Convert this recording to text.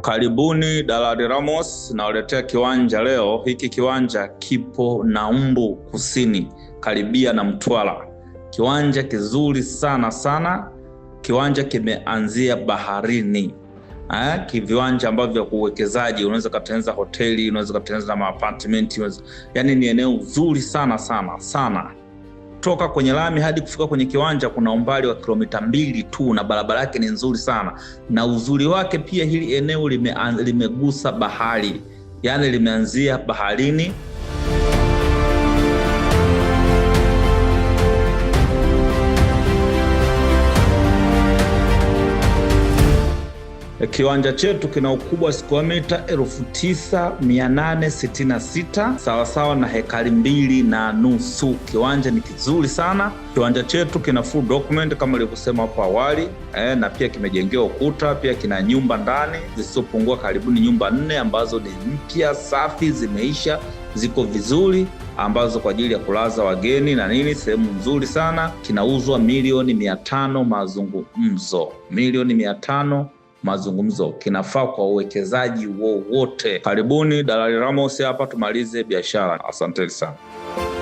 Karibuni Dalali Ramos, nawaletea kiwanja leo. Hiki kiwanja kipo na Mbu Kusini, karibia na Mtwara. Kiwanja kizuri sana sana, kiwanja kimeanzia baharini eh, kiviwanja ambavyo vya kuwekezaji, unaweza ukatengeneza hoteli, unaweza ukatengeneza na ma apartment, unaweza... yaani ni eneo zuri sana sana sana kutoka kwenye lami hadi kufika kwenye kiwanja kuna umbali wa kilomita mbili tu, na barabara yake ni nzuri sana, na uzuri wake pia hili eneo lime, limegusa bahari, yaani limeanzia baharini Eh, kiwanja chetu kina ukubwa wa square mita 9866 sawasawa na hekari mbili na nusu. Kiwanja ni kizuri sana. Kiwanja chetu kina full document kama ilivyosema hapo awali eh, na pia kimejengewa ukuta, pia kina nyumba ndani zisizopungua karibuni nyumba nne ambazo ni mpya, safi, zimeisha, ziko vizuri ambazo kwa ajili ya kulaza wageni na nini, sehemu nzuri sana. Kinauzwa milioni mia tano mazungumzo, milioni mia tano mazungumzo, kinafaa kwa uwekezaji wowote. Karibuni Dalali Ramos hapa tumalize biashara. Asanteni sana.